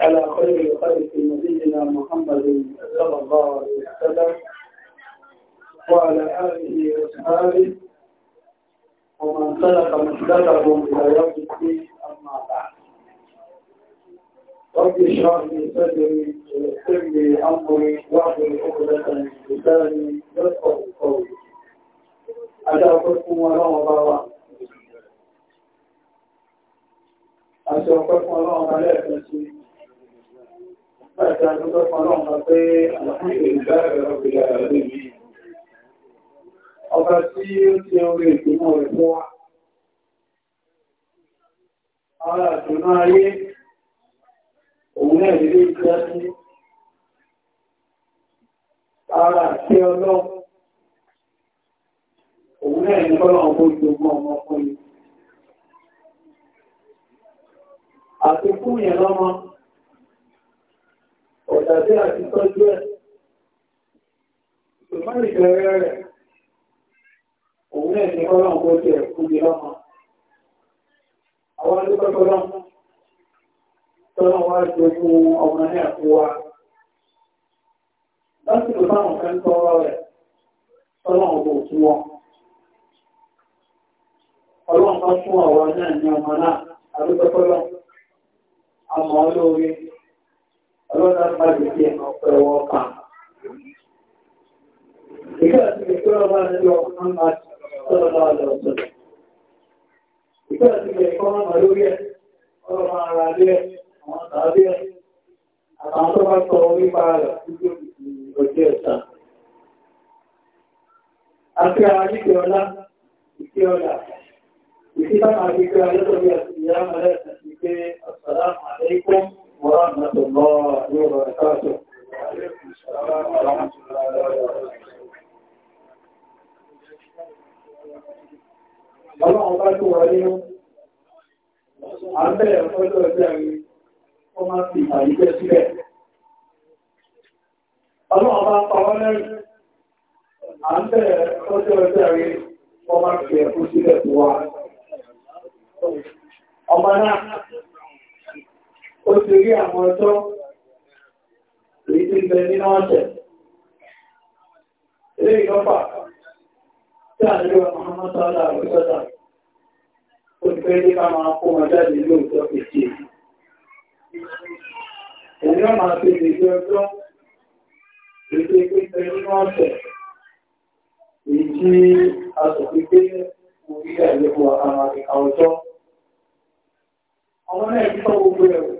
على خير خلق نبينا محمد صلى الله عليه وسلم وعلى آله وأصحابه ومن خلق مسلكهم إلى يوم الدين أما بعد رب اشرح لي صدري ويسر لي أمري واحلل عقدة من لساني يفقه قولي أجابكم ورمى الله أشرفكم ورمى الله Ọba tí ó ti orí ìgbìmọ̀ rẹ̀ wa. Ara àtúnná ayé, òun náà lè rí ìjá sí. Ara àti ọlọ́, òun náà ní kọ́lọ̀ ọmọ ìjọgbọ́n ọmọ ọkùnrin. Àti fún ìyẹn lọ́mọ, ọ̀dà tí a ti tọ́jú ẹ̀. Ìsòmọ́rì bẹ̀rẹ̀ rẹ̀, òun náà ni ọlọ́run kó jẹ fún mi lọ́mọ. Àwọn adúgbò tọ́lọ́run, tọ́lọ́run wá jẹ fún ọmọ náà fún wa. Lásìkò táwọn kan tọ́rọ rẹ̀, tọ́lọ́run kò fún wọn. Ọlọ́run bá fún àwọn náà ní ọmọ náà, adúgbò tọ́lọ́run, àmọ́ olóore ọlọ́dà bá lè fi ẹ̀nà ọ̀pẹ̀ wọ pa. Ìkẹ́ àti ìpẹ́ ọba nílò ọkùnrin máa sọ̀rọ̀ náà lọ sọ̀rọ̀. Ìkẹ́ àti ìpẹ́ ọba máa lórí ẹ̀, ọ̀rọ̀ máa ra lé ẹ̀, àwọn tàbí ẹ̀, àtàwọn tó bá sọ nípa rẹ̀ títí ọjọ́ ẹ̀ta. Àti ara nípe ọlá, ìpẹ́ ọlá, ìpẹ́ bá máa fi pé ọjọ́ tó bí ẹ̀sìn ìyá mọ́lẹ̀ ẹ̀sìn pé ọ̀sán ورحمة الله وبركاته وعليكم السلام ورحمة الله وبركاته Ọlọ́run bá tó wà nínú, a ń bẹ̀rẹ̀ ọjọ́ ẹgbẹ́ rí, ó máa fi àyíkẹ́ sílẹ̀. Ọlọ́run bá pa wọ́n lẹ́rìn, a ń bẹ̀rẹ̀ ọjọ́ ẹgbẹ́ rí, ó máa fi ẹ̀kú sílẹ̀ tó wà. Ọmọ náà, ó ti rí àwọn ọjọ́ èyí tí ìbẹ̀ nínú ọ̀sẹ̀. Ilé ìgbọ́fà tí a nílò ọmọ sọ́dá àwọ̀sọ́dá, ó ti fẹ́ ní ká máa kó wọn jáde ní òjò ọmọ àti ìgbẹ̀jọ ọjọ́ èyí tí nínú ọ̀sẹ̀, èyí tí a sọ fi gbé orí ẹ̀lẹ́kọ̀ọ́ Ọmọ náà ti sọ gbogbo ẹ̀wọ̀.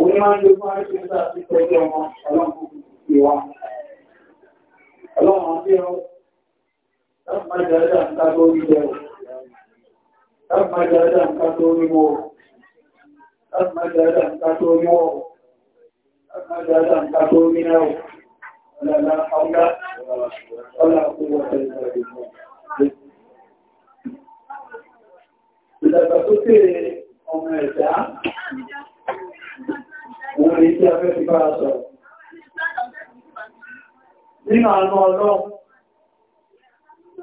òun ni máa ń lo fún àríṣẹ́ta sí tẹ́jọ́ ọmọ ọlọ́pùpù ti wá ọlọ́run tí ó lápàájára nǹkan tó rí jẹ́ lápàájára nǹkan tó rí wọ́ lápàájára nǹkan tó rí wọ́ lápàájára nǹkan tó rí náà ọlọ́lá ọlá ọlá kó wọ́pẹ̀ ìgbàgbẹ̀ àgbàgbé tí a fẹ́ fi bára sọ̀rọ̀. Nínú àánú ọlọ́run,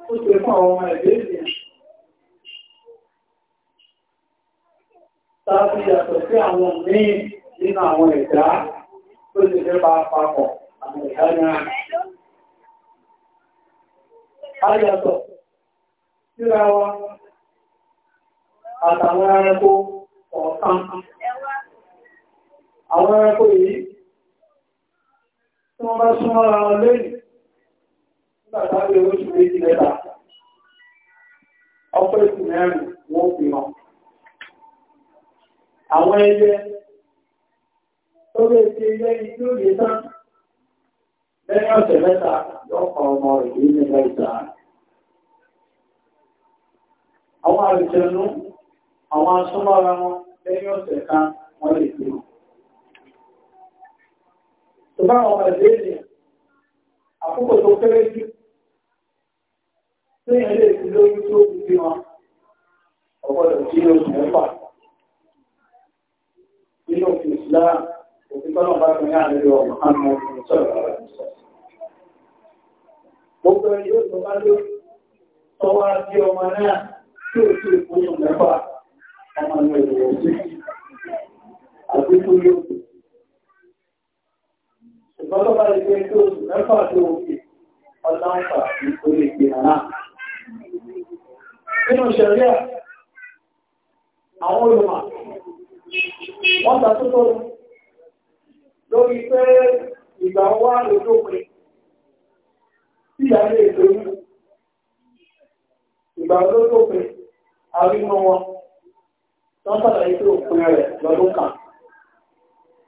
ó ṣe fún àwọn ọmọ ẹ̀gbẹ́ ìrìn. Tàbí yàtọ̀ sí àwọn míì nínú àwọn ẹ̀dá tó ṣe fẹ́ bá papọ̀ àwọn ẹ̀dá náà. A síra wa àtàwọn ẹranko ọ̀kan àwọn ẹranko yìí tí wọ́n bá súnmọ́ ara wọn lẹ́yìn nígbàtà bí owó ṣùgbé ti lẹ́ta mẹ́rin wọ́n fi àwọn ẹgbẹ́ tó lè ti lẹ́yìn tí lè tán lẹ́yìn ọ̀sẹ̀ mẹ́ta ọmọ ìlú àwọn àwọn wọn lẹ́yìn ọ̀sẹ̀ kan tó bá àwọn ẹ̀dẹ́ ènìyàn àkókò tó kéré jù tí èèyàn lè fi lóyún tó fi bí wọn ọgbọ́dọ̀ tí ó sì mẹ́fà nínú òfin Islam òfin tọ́nà bá fi ní àlejò ọmọ àmọ́ òfin sọ̀rọ̀ rẹ̀ sọ. Gbogbo ẹni yóò tó bá ló tọ́wọ́ bí ọmọ náà tí ó sì fún mẹ́fà ọmọ náà ìwọ̀n sí. Àbíkú yóò ṣùgbọ́n tó bá lè pé tó mẹ́fà tó òkè ọlọ́ǹfà tó lè gbé àná. Nínú ṣẹ̀ríà, àwọn olùmọ̀, wọ́n ta lórí pé ìgbà wá lójú òpin tí ìyá lè lórí ìgbà lójú òpin àrínú wọn, wọ́n sàlàyé òpin rẹ̀ lọ́dún kan.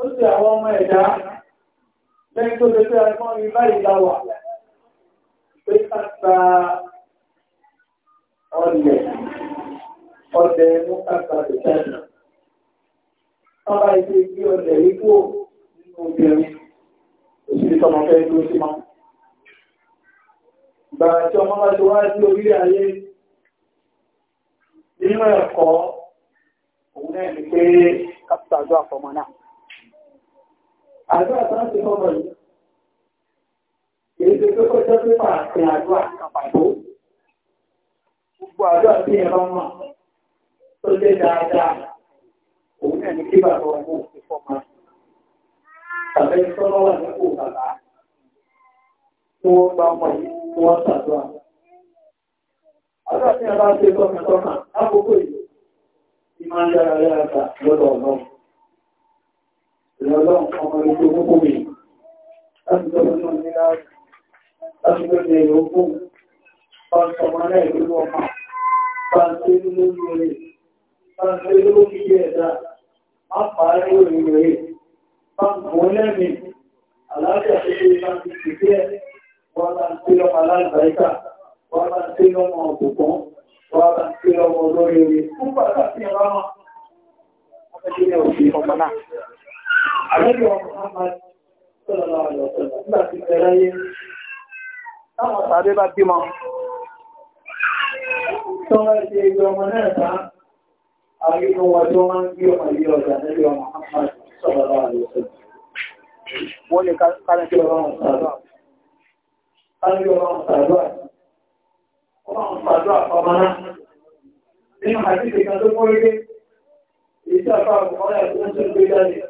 ó sì àwọn ọmọ ẹ̀dá lẹ́yìn tó ṣe pé ẹgbọ́n rí báyìí láwà pé káta ọlẹ̀ ọdẹ mú káta ìtẹ́nà ọba ìṣe bí ọdẹ ikú nínú obìnrin òṣìṣẹ́ tọmọ fẹ́ dúró sí máa gbàrà tí ọmọ bá ti wá sí orílẹ̀ ayé nínú ẹ̀kọ́ òun náà ní pé kápítà àjọ àfọmọ náà àdúrà àti àdúrà kàpàtó tó lé dáadáa òun náà ní kí bàbá ọmọ òun tàbí tọ́lọ́ wà nípò bàbá tí wọ́n bá mọ̀ yìí tí wọ́n ṣàdúrà àdúrà tí ẹ bá ṣe tọkàntọkàn lákòókò yìí ìmọ̀ ń yára yára lọ́dọ̀ ọ̀nà ìrọ̀lọ́run ọmọ ìlú púpọ̀ mi láti lọ́pọ̀ ní láti láti lọ́pọ̀ ní ogún pàṣọ mọ́lẹ̀ ìlú ọmọ pàṣẹ lórí rẹ̀ pàṣẹ lórí ẹ̀dá àpàárí orí rẹ̀ pàṣọ lẹ́mì aláàbẹ̀ àti láti ṣìṣẹ́ wọ́n láti lọ́mọ aláàbẹ̀ẹ́ta wọ́n láti lọ́mọ ọ̀bùkún wọ́n láti lọ́mọ olórí rẹ̀ fún pàtàkì ọmọ náà Àlẹ́bí ọmọ Muhammad sallallahu alaihi wasallam nígbà tí bẹ̀rẹ̀ ayé táwọn tàbí bá bímọ. Tọ́wọ́ ti ẹgbẹ́ ọmọ náà ta, àwọn ìgbọ́n wà tó máa ń bí ọmọ ilé ọjà lẹ́bí ọmọ Muhammad sallallahu alaihi wasallam. Wọ́n lè kárẹ́ kí ọlọ́run sàdọ́ àti ọlọ́run sàdọ́ àti ọlọ́run sàdọ́ àpamọ́ náà. Nínú àti ìgbà tó kọ́ ilé, èyí tí a fà àbùkọ́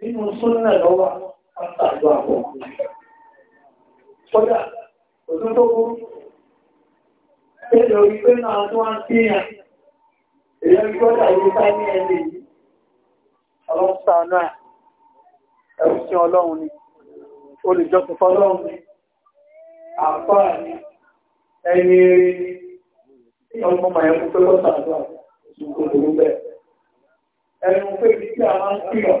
nínú sọ́nà lọ́wọ́ àtàgbà àwọn kọ́dà òtún tó kú ẹ̀lọ ìgbé náà tó wá ń kíyàn èyàn kọ́dà yìí bá ní ẹ̀lẹ̀ yìí ọlọ́sàánà ẹ̀rùsìn ọlọ́run ni olùjọ́sìn fọ́lọ́run ni àfáà ni ẹni rí ọmọ màyẹ̀kú tó lọ́sàánà ẹnu pé ibi a máa ń kíyàn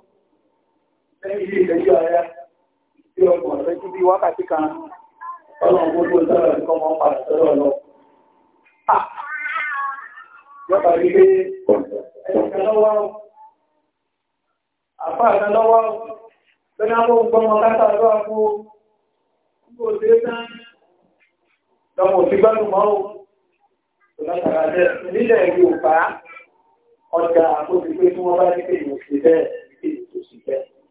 lẹ́yìn ìgbẹ́jọ́ ayá tí ọgbọ̀n rẹ̀ jí bí wákàtí kan ọlọ́run gbogbo sọ̀rọ̀ nǹkan mọ́ pa sọ̀rọ̀ lọ. Yọ́pa rí pé ẹnìkan lọ́wọ́ àpá àkan lọ́wọ́ lọ́nà àwọn ògbọ́mọ látà lọ́wọ́ fún gbogbo òṣèré tán lọ́mọ òfin gbádùn mọ́ ò. Ìlànà àjẹ́ nílẹ̀ Yorùbá ọjà àkóso pé tí wọ́n bá ní pé ìwòsì bẹ́ẹ̀.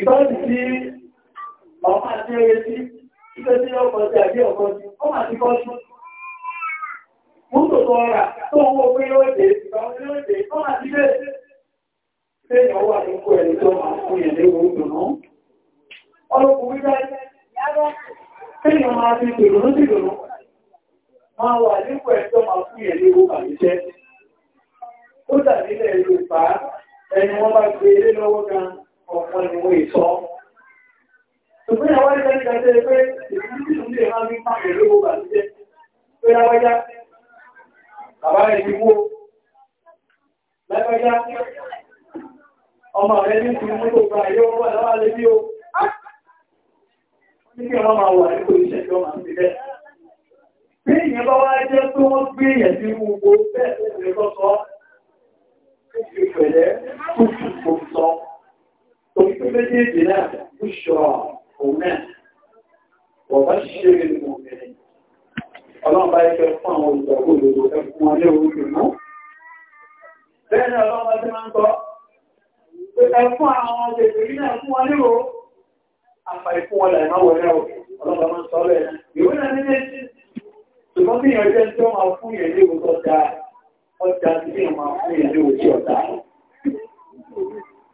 ìbáàdì tí ọmọ àti ẹyẹ sí ilé tí ọkọ̀ sí àbí ọmọ àti kọ́ sí mútò tó ọ̀rà tó owó pé lóòdè lóòdè ọmọ àti ilé ṣe ìyàwó àdínkù ẹ̀rẹ́ tó máa fún fi wà ẹ̀ tó máa fún ẹ̀lẹ́ owó bàjẹ́ dà ẹni wọ́n bá gbé ilé lọ́wọ́ gan ọ̀pọ̀ ìwé ìtọ́. Ṣùgbọ́n ìyàwó ẹgbẹ́ ní ẹgbẹ́ pé ìlú lè máa ní pàpẹ̀ lówó bà jẹ́ pé láwájá, bàbá rẹ̀ ti wó, láwájá, ọmọ rẹ̀ ní ti mú tó gba ẹ̀yọ́ wà láwá lé bí o. Ní kí wọ́n máa wà nípo kò Òfin méjèèjì fún àwọn olùgbàgbọ́ ẹkùn wọn ní orúkú mọ́. Bẹ́ẹ̀ ti máa ń kọ́. Ẹkùn àwọn ọdẹ̀dẹ̀ náà fún wọn ní o. ìfún wọn làìmọ́ wọlé o. Ọlọ́run bá máa ń sọ ọ́lẹ̀ náà. Ìwé náà ní méjì. Ṣùgbọ́n bí ìyànjẹ́ tí ó máa fún ìyẹn ní òkú ọjà ọjà tí ó máa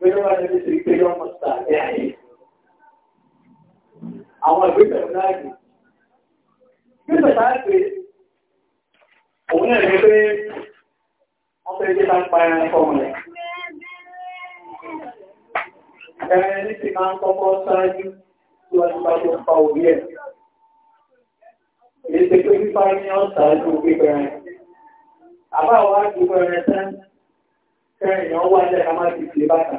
Bẹ́ẹ̀rẹ̀ ní ṣe pé yọ́ mọ̀ sàárẹ́ ayé. Àwọn ìgbésẹ̀ náà rí. Gbésẹ̀ náà pé, òun náà rí pé wọ́n fẹ́ jẹ́ láńpa ẹran fọ́mọ̀ rẹ̀. Ẹran ní ti máa ń kọ́kọ́ sáájú tí wọ́n ti bá tó pa òbí ẹ̀. Èyí fi bàtà.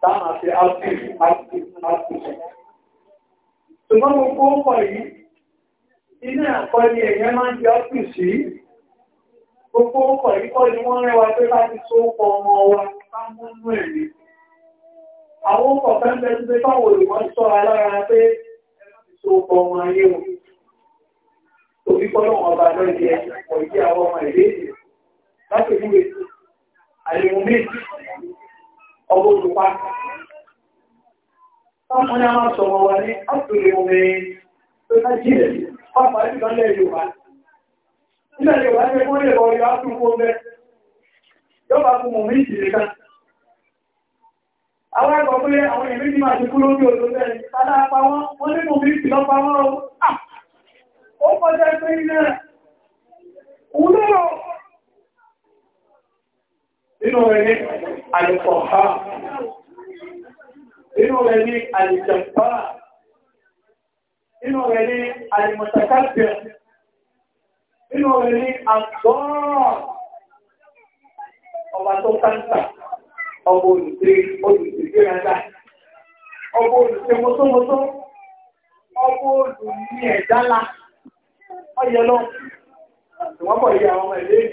táwọn àti ápìlì ápìlì ápìlì. ṣùgbọ́n gbogbo ń pọ̀ yìí ilé àkọ́ ni èèyàn máa ń jẹ ápìlì sí gbogbo ń pọ̀ yìí kọ́ ni wọ́n rẹwà pé láti tó ń pọ̀ ọmọ wa sámúnú ẹ̀mí. àwọn ọkọ̀ fẹ́ńfẹ́ ti pé báwo lè wọ́n sọ alára pé ẹ má ti tó pọ̀ ọmọ ìlú èdè láti ìlú èdè àlèmọ́ méjì. ọmọ olùpa. Ọmọ ni a máa sọ wà ní ọ́pùlẹ̀ omi tó bá jílẹ̀, pápá ìgbà lẹ́ Yorùbá. Nílẹ̀ Yorùbá ní ẹgbọ́n lè wọ́n yọ ápùkú ọmọ yọba fún mọ̀mí ìjìnlẹ̀ kan. Àwọn ẹ̀kọ́ pé àwọn ìlú ti ní ti kú lórí òdó bẹ́ẹ̀ ní mọ̀mí ìpìlọ́ pa wọ́n ó. Ó kọjá pé ilẹ̀ Nínú rẹ̀ ní àlùkọ̀ọ̀há. Nínú rẹ̀ ní àlùjàmbá. Nínú rẹ̀ ní àlùmọ̀tàkàbẹ̀. Nínú rẹ̀ ní àgbọ́ọ̀. Ọba tó káńtà, ọba olùdé, olùdé gbéraga. Ọba olùdé mọ́tọ́mọ́tọ́. Ọba olùdé ẹ̀dá la. Ọyẹ lọ. Ìwọ́pọ̀ yìí àwọn ọmọ ẹ̀lẹ́yìn.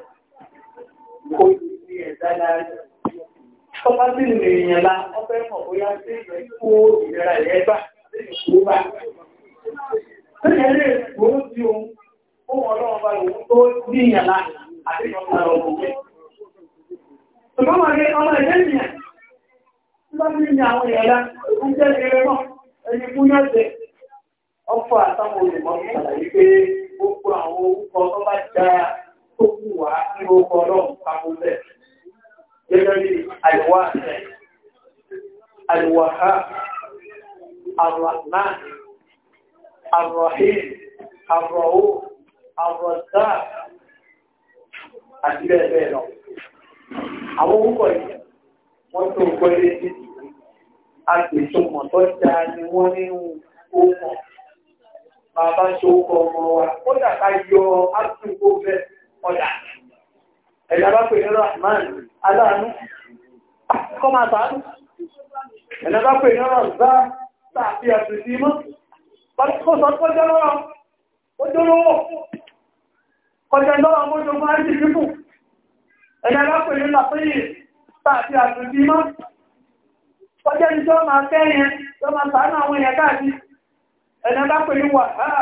kó èèyàn la, wọ́n mọ̀ bóyá sí ìkú ìlera ẹ̀ẹ́gbà sí ìkú bá. Tẹ́lẹ̀ lè gbó di ohun, ó wọ́n lọ́wọ́ bá lòun tó ní èèyàn àti ìrọ̀lá ọ̀gbọ̀n pé. ó jẹ́ wà ní orúkọ ọlọ́run pàmòlẹ̀ gẹ́gẹ́ bí àìwá ẹ̀ àìwàhá àrọ̀nà àrọ̀hìn àrọ̀hó àrọ̀dá àti bẹ́ẹ̀ bẹ́ẹ̀ lọ àwọn orúkọ yìí wọ́n tó ń gbọ́lé sí agbèsòmọ̀ tó dáa ni wọ́n ní ohun bàbá ṣe ó kọ ọmọ wa ó dàgbà yọ átúnkó bẹ́ẹ̀ ọ̀dà ẹ̀yà bá pè ní rahman aláàánú kọ́ máa tààdù ẹ̀yà bá pè ní rọ̀zá tààfi àtìsí mọ́ kọ́sọ̀ kọjá lọ́rọ̀ ojúlówó kọjá lọ́rọ̀ mọ́jọ fún àìsí pípù ẹ̀yà bá pè ní làpéyì tààfi àtìsí mọ́ kọjá ní tó máa kẹ́yìn tó máa tààdù àwọn èèyàn káàkiri ẹ̀yà bá pè ní wàhálà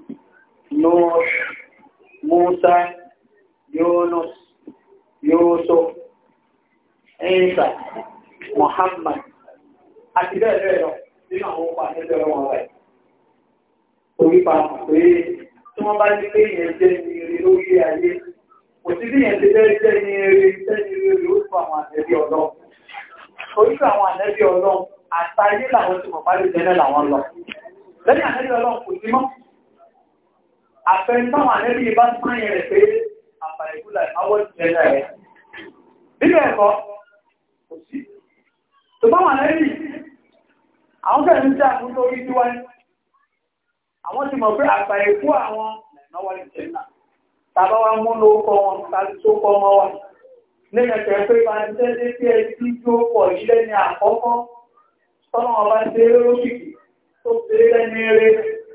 نوح موسى يونس يوسف عيسى محمد àti bẹ́ẹ̀ bẹ́ẹ̀ lọ nínú àwọn ọmọ àtẹ́jọ́ wọn rẹ̀ orí pàmò pé tí wọ́n bá ní pé ìyẹn jẹ́ ní eré lórí ayé kò sí bí ìyẹn ti bẹ́ẹ̀ jẹ́ ní eré jẹ́ ní eré lórí fún àwọn àtẹ́bí ọlọ́run orí fún àwọn àtẹ́bí ọlọ́run àtàyé làwọn tí mọ̀ bá lè jẹ́ náà làwọn lọ lẹ́yìn àtẹ́bí ọlọ́run kò sí mọ́ àfẹ́sọ́wọ̀n àlẹ́bí bá sáyẹ̀ rẹ̀ pé àfàìkúlà ìmáwọ́ ìjẹ́lẹ̀ rẹ̀. Bíbẹ̀ ẹ̀kọ́, kò sí. Tó bá wà lẹ́bí, àwọn fẹ́ ń jẹ́ àkúntó orí tí wáyé. Àwọn ti mọ̀ pé àfàìkú àwọn ìnáwọ́ ìjẹ́lẹ̀. Tàbá wa mú ló kọ wọn, tàbí tó kọ wọn wá. Lẹ́yẹ̀kẹ́ pé bá ń jẹ́ dé sí ẹtí tó pọ̀ yí lẹ́ni àkọ́kọ́. Tọ́lọ́wọ́n bá ṣe é lókìkì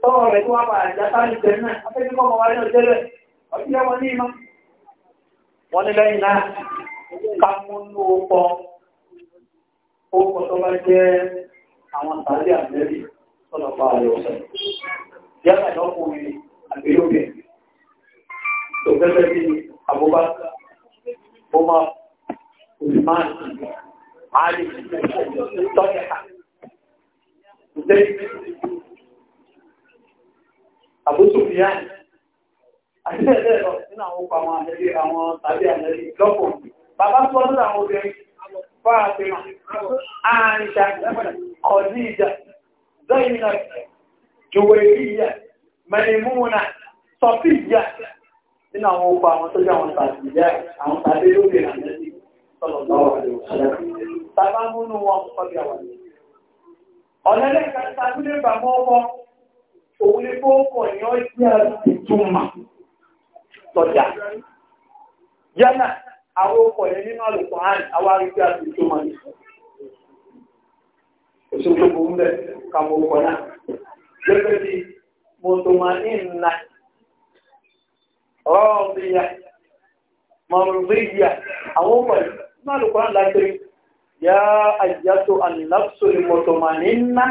tọ́wọ́ rẹ̀ tó wá bá ní ọkọ̀ ọkọ̀ tó bá jẹ́ àwọn tàbí àmẹ́rí sọ́nà pa àrẹ ọ̀sẹ̀ yálà lọ́kùnrin àgbélógbè tó gẹ́gẹ́ bí àbúbá bọ́mà òṣìmáà àbúsùfìyà àti ẹ̀lẹ́ lọ nínú àwọn ọkọ̀ àwọn àmẹ́lẹ́ àwọn tàbí àmẹ́lẹ́ lọ́pọ̀ bàbá tó ọdún àwọn obìnrin fáàfihàn àìṣà kọ̀dí ìjà zẹ́yìnà jùwèríyà mẹ́lìmúnà sọ̀fíjà nínú àwọn ọkọ̀ àwọn tó jẹ́ àwọn tàbí àwọn tàbí lóbi àmẹ́lẹ́ sọ̀lọ̀lọ́wọ́ àdéhùn òun ní kó ń kọ̀ ní ọ́ jẹ́ ìtumà lọ́jà. Yánà, àwọn ọkọ̀ yẹn nínú àlùkò hàn, àwọn arìgbé àti ìtumà ní. Oṣù tó kò ń bẹ̀ ká mọ ọkọ̀ náà. Gẹ́gẹ́ bí mo tó máa ní ìnà, ọ̀ọ́bìyà, mọ̀rùbíyà, àwọn ọkọ̀ yẹn nínú àlùkò hàn Yá àyíyá tó àníláṣọ́ ìmọ̀tọ̀mà ní náà.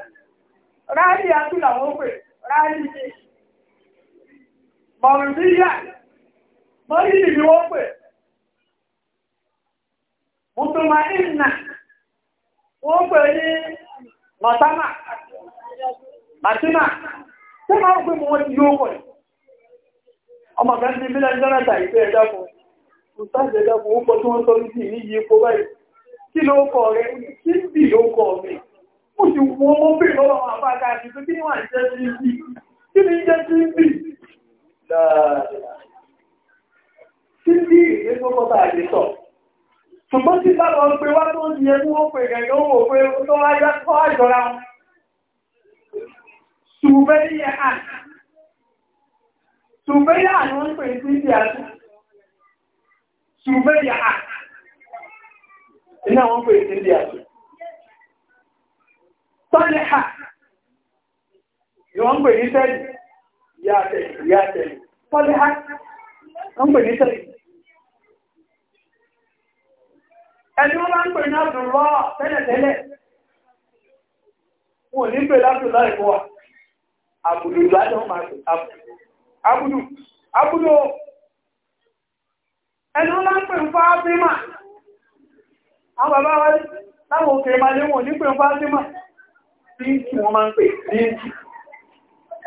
raali ya làwọn pè ráàlì ní mọ̀rìndíyà mọ́rìndì ni wọ́n pè mùtùmá ìnà nwoke pè ní mọ̀tánà màtínà tí máa ń pè mọ́ ti yóò pẹ̀ ọmọ kan ti bílẹ̀ jọ́nàtà ìpẹ́ ẹ̀dàkùn ìsáàjẹ̀dàkùn ó pọ̀ tí wọ́n ó sì wọ owó pè lọ́wọ́ àwọn àbága kí ni wà jẹ́ sí ibi kí ni jẹ́ sí ibi sí bí ìwé tó kọ́ sọ ṣùgbọ́n tí bá pé wá tó di ẹmú ó pè gẹ̀gẹ̀ ó wọn ṣùgbẹ́ ní ẹ̀ hàn àti tọ́lẹ̀ hà ni ní tẹ́lì ìyá tẹ́lì ìyá tẹ́lì tọ́lẹ̀ hà wọ́n ní tẹ́lì ẹni wọ́n máa ń pè ní àdùnlọ́ tẹ́lẹ̀tẹ́lẹ̀ wọ́n ní pè látùlọ́ ẹ̀kọ́ wa àbùdù ìgbàdàn máa pè àbùdù ẹni wọ́n máa ń ń àwọn bàbá wa láwọn òkè máa ní ń síìkì wọ́n máa ń pè síìkì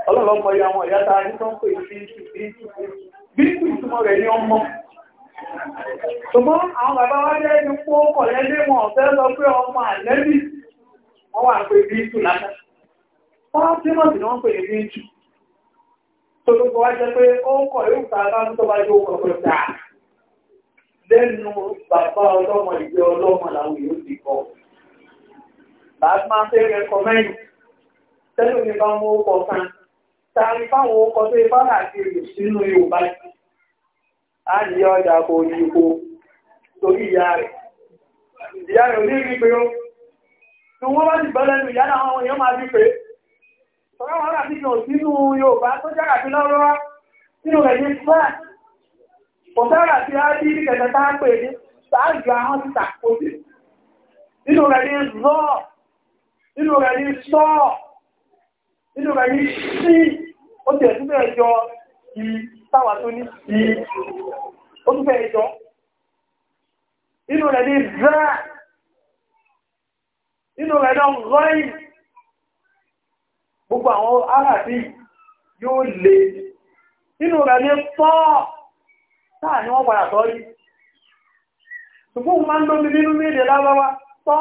ọlọ́lọ́pọ̀ ya wọn ìyá ta ní pè síìkì síìkì bíkù ìtumọ̀ rẹ̀ ní ọmọ ṣùgbọ́n àwọn bàbá wá jẹ́ ẹni pó kọ̀ lẹ́lẹ́ wọn ọ̀fẹ́ sọ pé ọmọ àlẹ́bí wọ́n wà látà wọ́n tí wọ́n láti máa rẹ̀ kọ́mẹ́yìn tẹ́lú ní bá mú ọkọ̀ kan tàbí fáwọn ọkọ̀ tó ipá láti sínú Yorùbá a ní ọjà kò ní ipò torí ìyá rẹ̀ ìyá rẹ̀ ní rí pé ó tí wọ́n bá ti gbọ́ lẹ́nu ìyá náà àwọn máa pé Yorùbá tó inú rẹ̀ ní sọ́ inú rẹ̀ ní sí ó tẹ̀ tún bẹ́ẹ̀ jọ kí táwà tó ní sí ó tún bẹ́ẹ̀ jọ inú rẹ̀ ní zẹ́ inú rẹ̀ náà rọ́ì gbogbo àwọn arábí yóò lè inú rẹ̀ ní pọ́ táà ní wọ́n padà tọ́ yìí ṣùgbọ́n máa ń lómi nínú méde lábáwá pọ́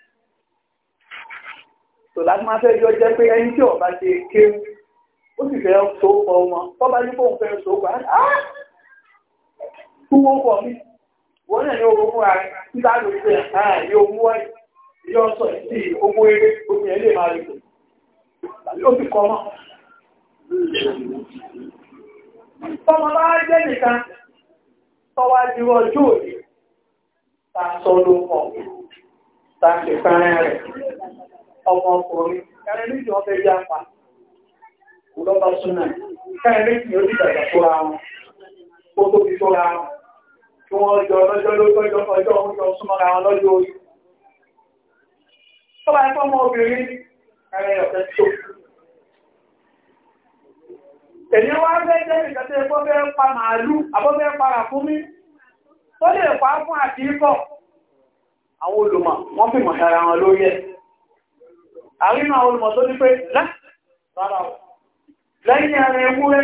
tò láti máa fẹ́ yọ jẹ́ pé ẹni tí ọba ṣe ké ó sì fẹ́ so pọ̀ wọn tó bá ní kóun fẹ́ so pọ̀ á kúwó pọ̀ mí wọ́n náà ní owó fún ara títà ló ṣe ẹ̀ yóò mú ẹ̀ yóò sọ ìdí owó eré omi ẹ̀ lè máa rí tàbí ó sì kọ́ mọ́. Tọ́mọ bá jẹ́ nìkan tọ́wá di ọjọ́ òní, ta sọ ló pọ̀, ta ṣe fẹ́rẹ́ rẹ̀ ọmọ ọkùnrin kẹrẹ méjì wọ́n yá pa ọlọ́pàá súnà kẹrẹ méjì ó tó ra wọn kó tó fi tó ra wọn kí wọ́n jọ lọ́jọ́ lọ́jọ́ ọjọ́ oúnjẹ súnmọ́ra wọn lọ́jọ́ orí tó bá ẹ̀kọ́ ọmọ obìnrin kẹrẹ ọ̀fẹ́ tó èyí wá fẹ́ jẹ́ ìkẹtẹ́ ẹ̀kọ́ pa màálù àbọ́fẹ́ para fún mi tó lè pa fún àti ikọ̀ àwọn olùmọ̀ wọ́n fi mọ̀ sára wọn lórí ẹ̀ àrínà olùmọ̀ tó ní pé lẹ́yìn ara ewúrẹ́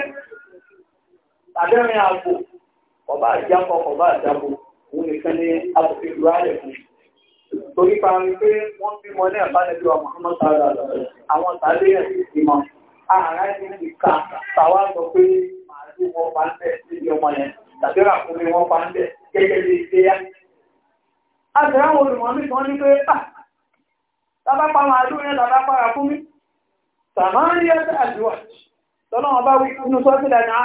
tàbẹ́rin àgbò ọba àjápọ̀ ọba àjábò òun nìkan ni àtòfin ìlú ààrẹ fún torí parí pé wọ́n bí mọ́ ní àbánẹ́bíwà Muhammad sára àwọn tàbí ẹ̀ ìmọ̀ ààrẹ ní ìka tàwa sọ pé màálù wọn bá ń bẹ̀ níbi ọmọ yẹn tàbí ràkúnmí wọn bá ń bẹ̀ gẹ́gẹ́ bí ìgbéyà. a tẹ̀ráwọn olùmọ̀ mi kan ní pé ah, tàbá pa màálù yẹn tàbá para fún mi sàmáríà àdúrà tọ́lọ́ wọn bá wí inú sọ́sí lẹ́nu á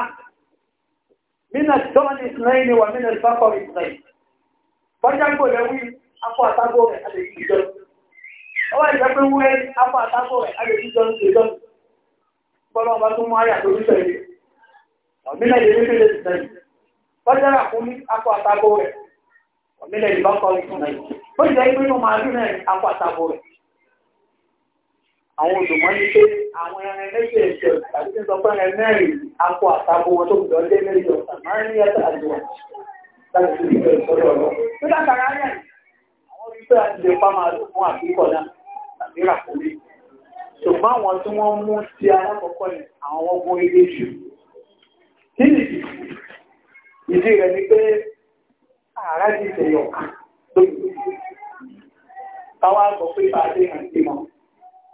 mínà dọ́mọ̀ ní ìsìnlẹ́yìn ni wà mínà ìfáfọ́ ìsìnlẹ́yìn bọ́jà gbọ́dọ̀ wí akọ àtàgbò rẹ̀ a lè fi jọ ọwọ́ ìjọ pé wúwẹ́ akọ àtàgbò rẹ̀ a lè fi jọ ṣe jọ bọ́lọ́ wọn bá tún mú àyà tó rí sẹ́yìn mínà ìdílé tó lè sìnlẹ́yìn bọ́jà rà fún mi akọ àtàgbò rẹ̀ mínà ìfáfọ́ ìsìnlẹ́yìn bọ́jà ìgbé àwọn olùmọ́ ní pé àwọn ẹran méjèèjì ọ̀sán àti sọ pé ẹran mẹ́rin akọ àtàbò wọn tó gbọdọ̀ lé méjì ọ̀sán máa ń ní ẹ̀ta àdúrà láti fi ìfẹ́ ìsọdọ̀ ọ̀rọ̀. tó dákàrá yẹn àwọn oníṣẹ́ àti lè pa máa lò fún àkíkọ̀ náà tàbí ràkúnmí. ṣùgbọ́n àwọn tí wọ́n mú sí alákọ̀ọ́kọ́ ni àwọn ọgbọ́n ilé jù. kí ni ìdí rẹ̀ ni pé ààrá ti tẹ̀yọ̀ kan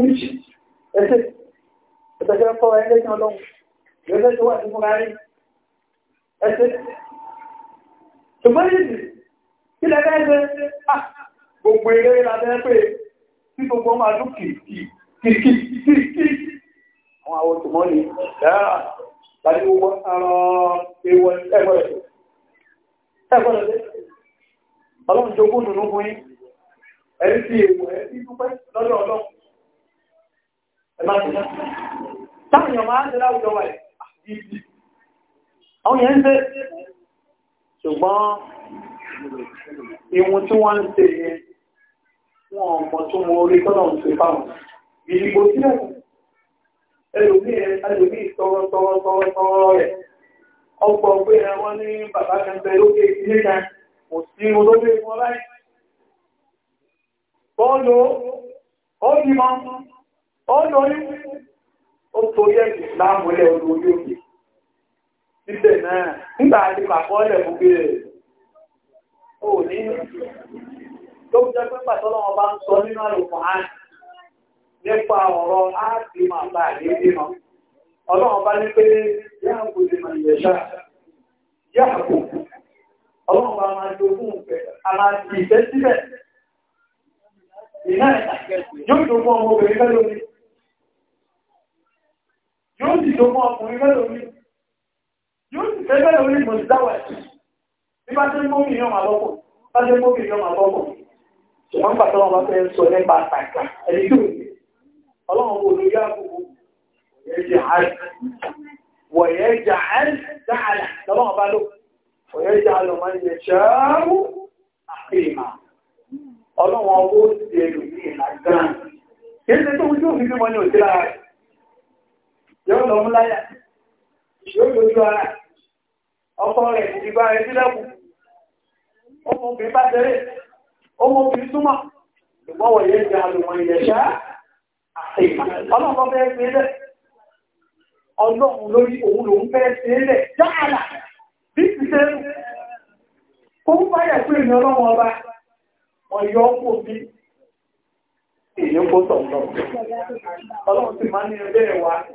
oríṣi ẹsẹ̀ ìtọ́jọ́ kọ́ ẹlẹ́sìn ọlọ́run lọ́sẹ̀ tó wà ní fúnra rí ẹsẹ̀ ṣùgbọ́n yìí kí lẹ́gbẹ́ ẹgbẹ́ gbogbo eré lábẹ́ pé tí gbogbo ọmọ adún kìkìkìkì àwọn àwọn tòmọ́ ni dáa láti wọ́n ara ewọ ẹgbẹ́rẹ̀ ẹgbẹ́rẹ̀ ọlọ́run jogún nínú fún yín ẹni tí èèwọ̀ ẹ Táwọn ah, Àwọn èèyàn ń ṣe ṣùgbọ́n ìwọ̀n tí wọ́n ń ṣe yẹn wọn ọmọ tó mọ orí tọ́nà ń fáwọn. Ìdìbò sílẹ̀ ẹlòmí tọrọ tọrọ tọrọ tọrọ rẹ̀. Ọgbọ̀ pé wọ́n ní bàbá kan bẹ lókè ìdílé kan, kò ọ̀nà ní ó torí ẹ̀sìn láàmú ilẹ̀ orí òkè síbẹ̀ náà nígbà àti pàkọ́ọ̀lẹ̀ fún rẹ̀ ó ní tó jẹ́ pé pàtọ́lọ́wọ́ bá ń sọ nínú á nípa ọ̀rọ̀ áàtì máa bá bá ní pé bá máa jogún yóò sì tó mọ́ ọkùnrin mẹ́lò orí yóò sì fẹ́ mẹ́lò orí mọ̀ ìdáwà ẹ̀ bí bá tẹ́ mọ́ mìíràn máa lọ́pọ̀ bá tẹ́ mọ́ mìíràn máa lọ́pọ̀ ṣùgbọ́n nígbà tó wọn bá fẹ́ sọ nípa àtàkà ẹni tó ní ọlọ́run kò lórí àkókò wọ̀yẹ́ jà án wọ̀yẹ́ jà án lọ́wọ́n ọlọ́run ọwọ́ ti ẹlòmíì lágbára kí ẹni tó ń tó fi bí ní òṣèlú ara rẹ̀ yóò lọ mú láyà yóò lójú ara ọkọ rẹ̀ ìgbà rẹ̀ sílẹ̀kùn ọmọbìnrin bá tẹ́rẹ̀ ọmọbìnrin túmọ̀ ṣùgbọ́n wọ̀ yẹ́ jẹ́ àlùmọ̀ ilẹ̀ ṣá fẹ́ ṣe ọlọ́run lórí òun lòun fẹ́ ṣe lẹ̀ bí ti ṣe rú kó ń báyà pé èmi ọlọ́run ọba wọn yọ bí èyí kó sọ̀rọ̀ ọlọ́run sì máa ní ẹgbẹ́ ẹ̀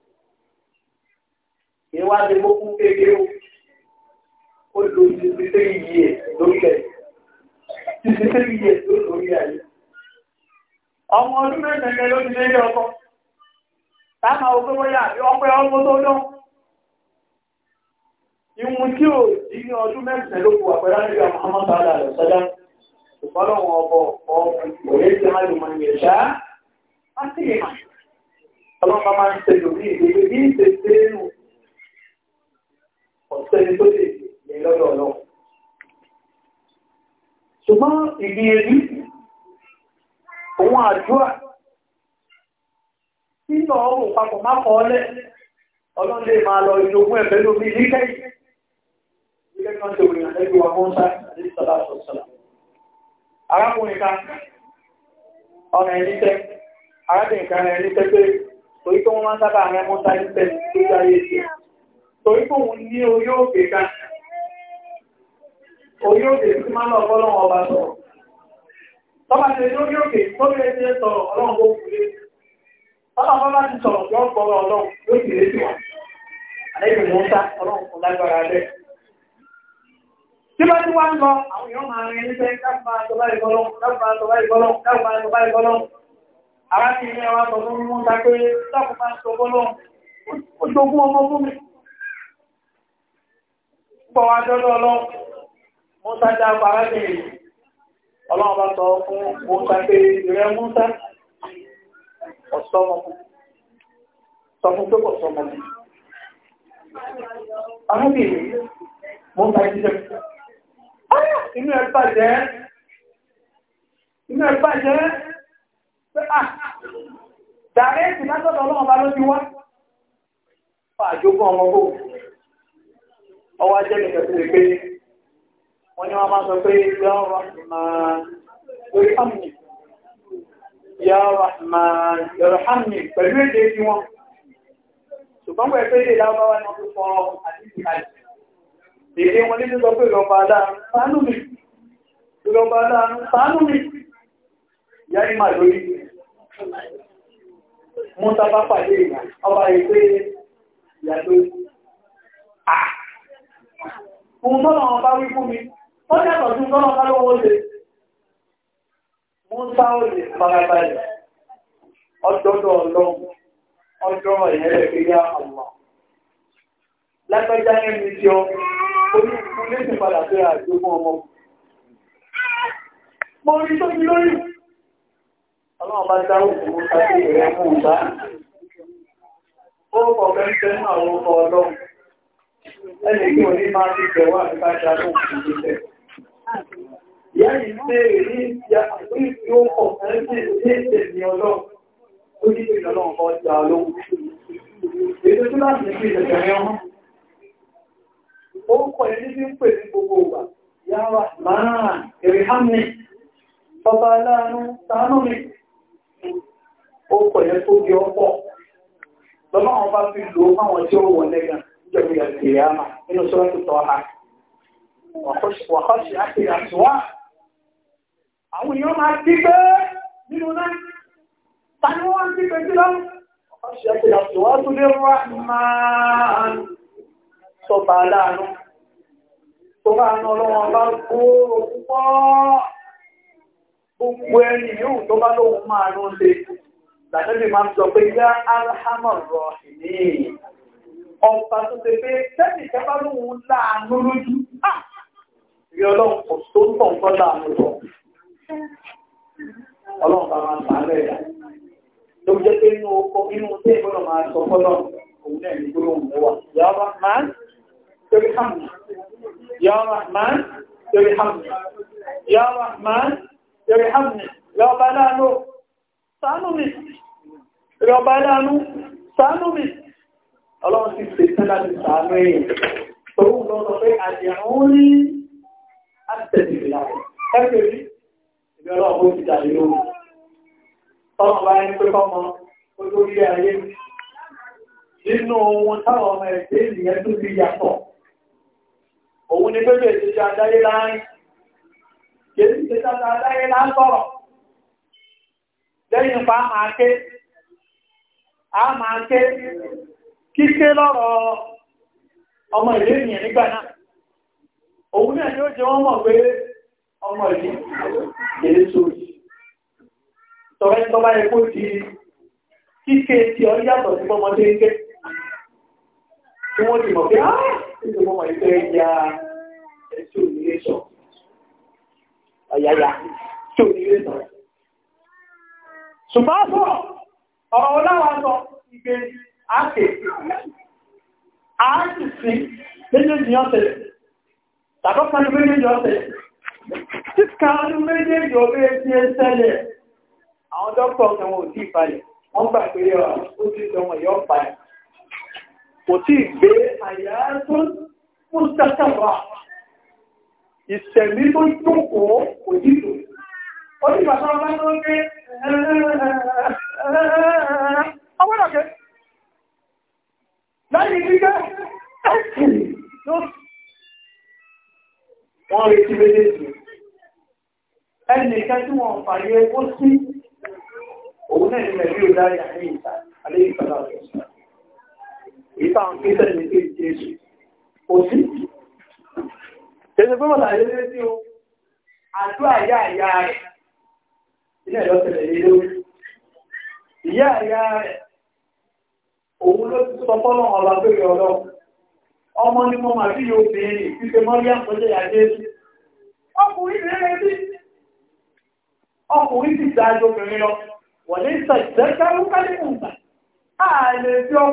ìwádìí ló kún kékeré ó lo títí tẹ́ iye ẹ̀ lórí ẹ̀ títí tẹ́ iye ẹ̀ tó lórí ayé. ọmọ ọdún mẹ́sàn-án ló ti lé ọkọ táàmà ogbé wọ́yà àbí ọpẹ́ ọmọ tó dán ìwọ̀n tí ò dí ní ọdún mẹ́sàn-án ló kù àpẹẹrẹ nígbà Muhammad bala rẹ̀ sọ́dá ìfọ́lọ́wọ̀n ọbọ̀ ọ̀rẹ́ tí wọ́n lè mọ̀ ní ẹ̀ṣá á sì lè mà ọlọ́pàá máa ń ṣe lòmí ìgbègbè bí ìṣe ṣe é nù sẹ́ni tó lè yẹ lọ́dọ̀ ọlọ́run. ṣùgbọ́n ìgbìyànjú òun àdúrà nínú ọrùn papọ̀ má kọ́ ọlẹ́ ọlọ́run lè máa lọ ìjogún ẹ̀fẹ́ lómi níkẹyìn ilé kan tó rìn àlejò wa mọ́ sáà àti sọ́lá sọ́sọ́lá arákùnrin kan ọ̀nà ẹni tẹ́ arábìnrin kan ẹni tẹ́ pé orí tó wọ́n máa sábà rẹ mọ́ sáà ní tẹ́ ìṣẹ́ torí kò wù ní orí òkè ká orí òkè tí máa lọ fọ́lọ́wọ́ ọba sọ tọ́bà tẹ lórí òkè tó bí ẹni ẹ sọ̀rọ̀ ọlọ́run ó kú lé tọ́bà bá ti sọ̀rọ̀ tó ọgbọ̀rọ̀ ọlọ́run ló sì lé sí wa àlejò sá ọlọ́run kò lágbára rẹ̀ pọ̀ wá dọ́dọ́ lọ Musa dá parábìnrin ọlọ́run bá sọ fún Musa pé ìrẹ́ Musa ọ̀sọ́mọ sọ fún pé kò sọmọ mi arábìnrin Musa jíjẹ inú ẹ̀ bàjẹ́ inú ẹ̀ bàjẹ́ pé à dàrẹ́ẹ̀tì látọ̀dọ̀ ọlọ́run bá ló ti wá fàájú fún ọmọ gbogbo ọwọ́ ajẹ́ nìkan sí pé wọ́n ní wọ́n máa sọ pé yá rahman yorùhámì yá rahman yorùhámì pẹ̀lú èdè tí wọ́n ṣùgbọ́n pẹ̀lú èdè lábáwá ni wọ́n fi fọ́ àti ìhàjì èdè wọn ní sọ pé ìrọ̀bà aláàrùn ṣàánú mi yá ní màá lórí mú sábà pàdé ìyà ọba ìpé ìyà lórí Ohun tọ́lọ̀ wọn bá wí fún mi, ó yàtọ̀ sí tọ́lọ̀ bá lówó lè. Mú sáwọ́ lè farabalẹ̀, ọjọ́dọ̀ ọlọ́run, ọjọ́ ẹ̀yẹ́rẹ̀ fi yá àmà. Lágbẹ́já yẹn mi jọ, ó ní fún léṣe padà sí àjogún ọmọ. Mo rí tó ní lórí. Ọlọ́run bá dáwọ́ fún Mú sáwọ́ lè rẹ̀ fún ìgbà. Ó kọ̀ ẹni kí wọ́n ní máa ti bẹ̀wọ́ àtìkáṣà tó kù ní tẹ̀. Ìyá yìí bèèrè ní ìyàtí tí ó pọ̀ ẹ̀ẹ́sì ní èdè ní ọlọ́run, ó ní pé ìlọ́lọ́run kan jà lóhun. Èdè tó láti ní ìjẹ̀jẹ̀ rẹ̀ ọmọ. Ó pọ̀ ẹni tí ń pè ní gbogbo ìgbà, yára máa èrè hámi, bàbá aláàánú, tàánú mi. Ó pọ̀ ẹ̀ tó di ọ̀pọ̀. Lọ́lọ́run bá fi lò ó fáwọn tí ó wọ̀ lẹ́gàn. جميل القيامة إنه سورة الطه وخش وخش أخي الأسواق àwọn èèyàn máa ti pé nínú náà tàbí wọ́n ti pé sí lọ́wọ́ ọ̀ṣẹ́ pé àtìwọ́ tó lé wá máa ń sọba aláàánú tó bá ná ọlọ́wọ́n bá gbóòrò púpọ̀ gbogbo ẹni yóò tó bá lóhun máa ló ń ṣe lànàbì máa ń sọ pé yá alhamar ìní ọ̀pá tó ṣe pé sẹ́ẹ̀dì kẹfà lóhun láàánú lójú ah! rí ọlọ́run kò tó ń tọ̀ nǹkan láàánú lọ ọlọ́run bá máa sàárẹ̀ rẹ̀ ló jẹ́ pé inú ọkọ̀ inú tẹ́ ìgbọ́dọ̀ máa sọ fọ́lọ́ òun náà ní gbólóhùn ló wà yà ọ́ máa ń torí hàmù yà máa ń torí hàmù yà máa ń torí hàmù yà ọba láàánú sàánú mi rẹ̀ ọba láàánú sàánú mi ọlọ́run sì ṣe tẹ́lá ti sàánú èyí tóun lọ sọ pé àdìrún ní àtẹ̀sílá ẹgbẹ́ rí ìbí ọlọ́run ó ti dàrí lóhùn ọmọ bá ń pẹ́ fọ́mọ olórí ayé nínú ohun táwọn ọmọ ẹ̀sẹ̀ ènìyàn tó fi yàtọ̀ òun ni pé bèèrè ti adáyé láàrín kìí ti tata adáyé láńtọ̀rọ̀ lẹ́yìn pa máa ké a máa ké kíké lọ́rọ̀ ọmọ ìlú ènìyàn nígbà náà òun náà yóò jẹ wọ́n mọ̀ pé ọmọ ìlú èdè sóòjì tọ́rẹ́ tọ́bá epo ti kíké tí ọ yàtọ̀ sí ọmọ tó ń ké tí wọ́n ti mọ̀ pé áà nítorí ọmọ ìlú ẹja ẹ̀sù ìlú sọ ọ̀yàyà tó ìlú sọ áàkè áàkì sí méjèèjì ọ̀tẹ̀lẹ̀ tàbọ́kànú méjèèjì ọ̀tẹ̀lẹ̀ títàánú méjèèjì ọ̀bẹ́ ti ẹsẹ̀lẹ̀ àwọn dọ́kọ̀ ọ̀tẹ̀wọ̀n ò tí ìfàlẹ̀ wọ́n gbà pé ó ti tẹ̀wọ̀n yọ́ pàlẹ̀ kò tí ìgbé àyà tó ń tàtàwà ìṣẹ̀lẹ̀ tó jókòó kò yílò ó ní bàbá ọlá ló ń gbé ọwọ́dọ̀kẹ́ lẹ́yìn gbígbẹ́ ẹ̀kìlì ló wọ́n rí tí méjèèjì ẹni ìkẹ́jú wọn fàyẹ ó sí òun náà ni mẹ̀rí ò dáyà ní ìta alẹ́ ìfẹ́lá ọ̀sán ìta ń pín sẹ́ni méjèèjì jésù ó sí jésù pé wọ́n láyé lé sí o àdó àyà àyà rẹ̀ ilé ẹ̀lọ́sẹ̀lẹ̀ lé lórí ìyá àyà rẹ̀ òun ló ti sọ fọ́nà ọ̀la lórí ọ̀rọ̀ ọmọ ni mọ́ màá sí yóò fi ìpípe mọ́rí àpọ́jẹ́ àjẹ́ sí ọkùnrin rẹ̀ sí ọkùnrin sì dájú obìnrin lọ wọ̀ ní ìsàjẹ́ká lókàlẹ̀ kùnkà ààlè tí o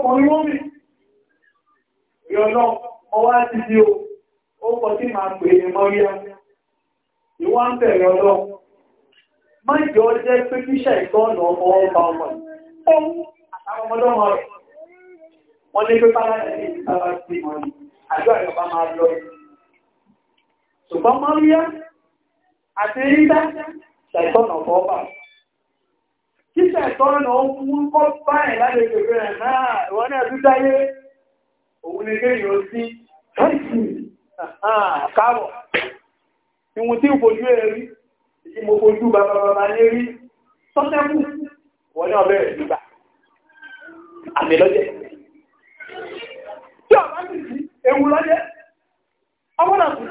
wọ́n ní pé bára ní ìtara sí wọn ni àjọ àjọba máa lọ ṣùgbọ́n mọ́ríyá àti rídá ṣàìtọ́nà fọ́ọ̀bà kí ṣàìtọ́nà ó fún kọ́ báyìí láti pèpè rẹ̀ náà ìwọ́n ní ẹ̀dú dáyé òun ni kéèyàn sí káàbọ̀ ìwọ̀n tí ìfojú ẹ̀ rí tí mo fojú bàbá bàbá ní rí sọ́tẹ́kù wọ́n ní ọ̀bẹ̀ rẹ̀ nígbà àmì ewu lọ́jẹ́ ọgbọ́dọ̀ sí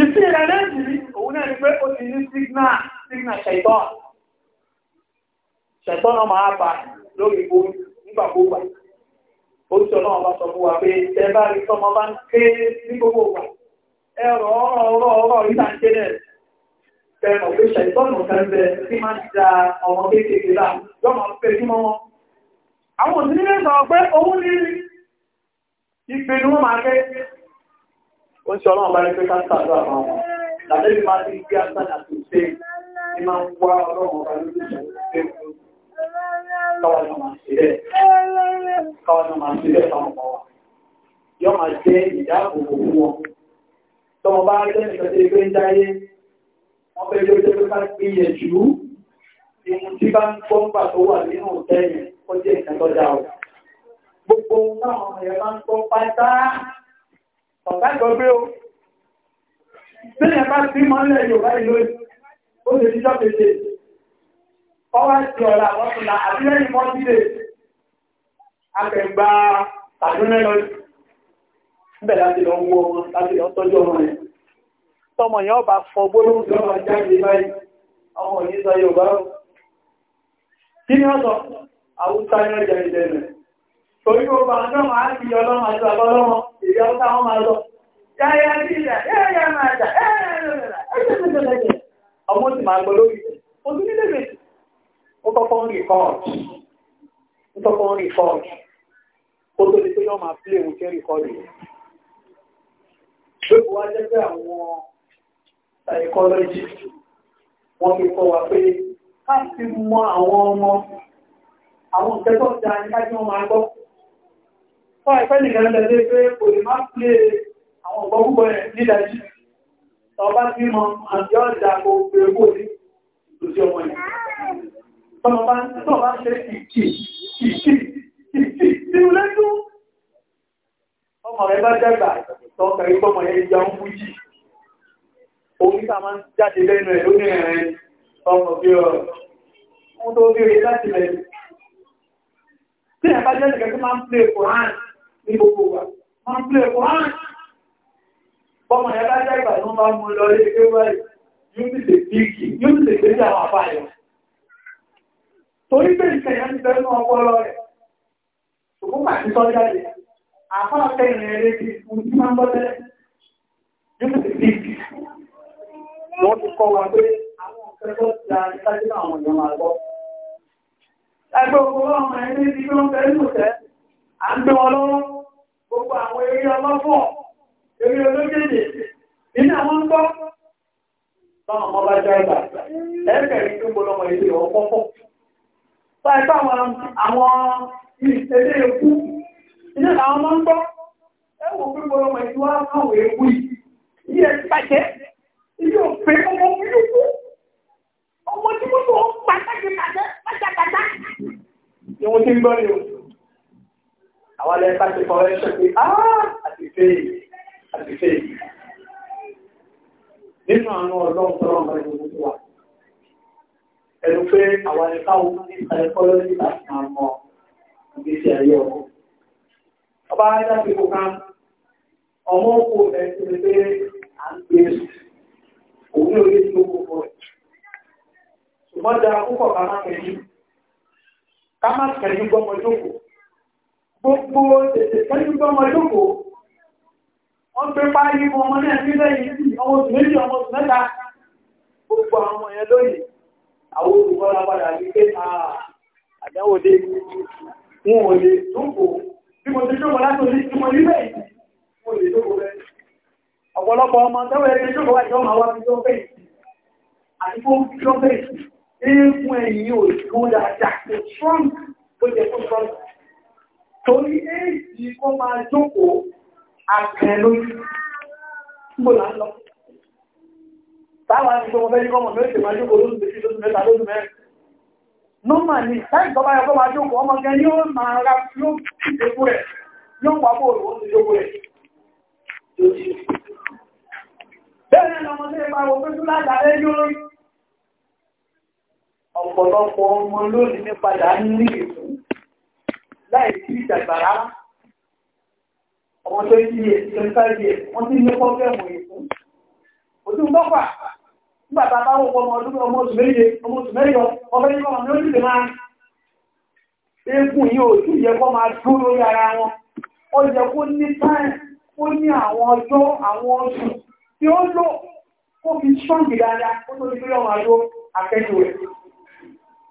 ìsí rẹ̀ lẹ́jì rí òun náà ni pé ó ti ní sígná sígná ṣẹ̀tọ́ ṣẹ̀tọ́ náà máa bà lórí ìbò nígbàgbógbà ó ti ọ̀nà ọba sọ fún wa pé tẹ bá rí tọmọ bá ń ké ní gbogbo ọgbà ẹ̀rọ ọ̀rọ̀ ọ̀rọ̀ ọ̀rọ̀ ìta ń ké náà fẹ́ràn pé ṣẹ̀tọ́ nù kan bẹ tí máa ń da ọmọ kéékèèké láà yọ́ máa fẹ́ sí mọ́ wọn àwọn òsì nílé sọ pé owó Ìpè máa kẹ́. Ó ń ṣe ọlọ́run bá ní pé àwọn ọmọ. Làbẹ́bí máa ti gbé àṣà àti ìṣe ní máa ń wá ọlọ́run bá ní ìṣe ìṣe Káwọn náà máa ṣe bẹ́ẹ̀. Káwọn náà máa ṣe bẹ́ẹ̀ fáwọn ọmọ wa. Yọ máa jẹ́ ìdáàbòbò fún wọn gbogbo náà ọmọ yẹn máa ń kọ́ pátá ọ̀gá ìgbọ́gbé o bẹ́ẹ̀ bá sí mọ́lẹ̀ Yorùbá ìlú ó lè jíjọ́ pèsè ọwá ti ọ̀la àwọn ọ̀la àbílẹ́yìn mọ́sílẹ̀ akẹgbà tàbílẹ́ lọ bẹ̀ láti lọ wọ ọmọ láti lọ tọ́jú ọmọ rẹ̀ tọmọ yẹn ọba fọ gbólóhùn tó wà jáde sọ Yorùbá kí ni ọ̀sọ̀ àwùsá yẹn jẹ ìdẹ̀rẹ̀ torí gbogbo àwọn ọmọ àti ọlọ́mọ àti àbọ́lọ́mọ ìyá ọ̀tá wọn máa lọ. Yáyá sí Ya ya ya, ya ya ya ya ya ya ya. ya wọ́n fi kọ́ wa pé ká sì àwọn ọmọ àwọn ìtẹ́tọ̀ ti ní ká wọ́n máa gbọ́. Fọ́ ẹ̀fẹ́ nìkan lẹ́lẹ́ pé kò lè máa pílé àwọn ọ̀gbọ́ púpọ̀ rẹ̀ nídàjí. Ọba tí mọ àti ọjà gbogbo ẹgbò ní lójú ọmọ ẹ̀. Tọ́mọba tọ́mọba ṣe ìkì, ìkì, ìkì, nínú lẹ́tú. Ọmọ rẹ̀ bá dẹ́gbà tọ́kẹ̀ rí pọ́mọ ẹ̀ jẹun fújì. Omi ká máa ń jáde lẹ́nu ẹ̀ lónìí ẹ̀rin ọmọ bí ọ̀rọ̀. Wọ́n tó bí orí láti lẹ́nu. Tí ẹ̀ bá jẹ́ ìgbẹ́ tó máa ń pè Kùránì ní gbogbo wa wọ́n ń plẹ̀ wọ́n bọ́mọ ẹ̀ bá jẹ́ ìgbà tó ń bá mú lọ lé pé wáyé yóò ti lè píìkì yóò ti lè gbéjà àwọn àbáyọ torí pé ìkẹyà ti bẹ́ẹ̀ fún ọpọlọ rẹ̀ ṣùgbọ́n àti sọ́jáde àfáà kẹrin ẹ̀rẹ́ ti fún ní máa ń bọ́ tẹ́lẹ̀ yóò ti píìkì wọ́n ti kọ́ wa pé àwọn ọ̀kẹ́kọ̀ọ́ ti da àwọn ìyọ̀mọ̀ àgbọ̀ ẹgbẹ́ ọgbọ́n ọmọ ẹni tí wọ́n fẹ́ lù à ń gbé wọn lọ́rùn gbogbo àwọn eré ọlọ́fọ̀ eré olójèèjì nínú àwọn ń gbọ́ táwọn ọmọ bá já ìgbà ẹ̀ẹ́kẹ̀rin tó gbọ́dọ̀ mọ ilé ọkọ̀ pọ̀ báyìí táwọn àwọn ìṣẹ̀lẹ̀ ikú ilé làwọn máa ń gbọ́ ẹ̀wọ̀n pé gbọ́dọ̀ mọ ìlú àwọn ewu yìí ẹ̀ ti ń gbọ́ ni àwọn alẹ́ bá ti kọ̀rẹ́ ṣe pé ah, àti ìfẹ́ yìí àti ìfẹ́ yìí nínú àwọn ọlọ́run tọ́rọ ọmọ ẹni gbogbo wa ẹnu pé àwọn ẹ̀káwò ní psychology láti máa mọ ìgbésí ayé ọkọ ọba ẹ̀dá ti kó kan ọmọ òkú ẹ̀ ti rí pé à ń gbé òun ní orí tí ó kó fún ẹ̀ ṣùgbọ́n dára púpọ̀ ká má kẹ́jú ká má kẹ́jú gbọ́mọ jókòó gbogbo tètè pẹ́lú gbọ́mọ lókò wọ́n pé páyé fún ọmọ náà nílẹ̀ yìí ọmọ oṣù ọmọ oṣù gbogbo ọmọ yẹn lóyè àwọn olùkọ́lá padà pé àdáwò wọn ò lè tókò bí mo ti jókòó láti orí tí mo ọ̀pọ̀lọpọ̀ ọmọ tẹ́wọ̀ ẹgbẹ́ jókòó wájú ọmọ torí èyí kó máa jókòó àkẹlórí gbò lálọ. Táwà ní tó wọ́n fẹ́ ní kọ́mọ̀ mẹ́rin tèmà jókòó lóṣù méjì lóṣù mẹ́ta lóṣù mẹ́rin. Nọ́mà ni, táì tọ́bá ẹ̀kọ́ máa jókòó ọmọ ni ó máa ra yóò kíkẹ́ kú rẹ̀, yóò pa bóòlù ó ti ni ọmọdé pa wo pé tó látàrẹ́ yóò rí. Ọ̀pọ̀lọpọ̀ ọmọ lónìí nípadà ń ní láì sí ìdàgbà rárá ọmọ tó ń yíyẹ tó ń sáré yẹ wọ́n ti ní pọ́blẹ́mù yìí fún òtún bọ́pà nígbà tá a bá wọ́pọ̀ ọmọ ọdún ọmọ oṣù méje ọmọ oṣù mẹ́jọ ọmọ ẹni ọmọ ní oṣù máa eégún yìí ò tún yẹ kó máa dún lórí ara wọn ó yẹ kó ní táì ó ní àwọn ọjọ́ àwọn oṣù tí ó lò kó fi ṣọ́ǹgì dáadáa ó tó ní pé ọmọ àjọ akẹ́kọ̀ọ́ rẹ̀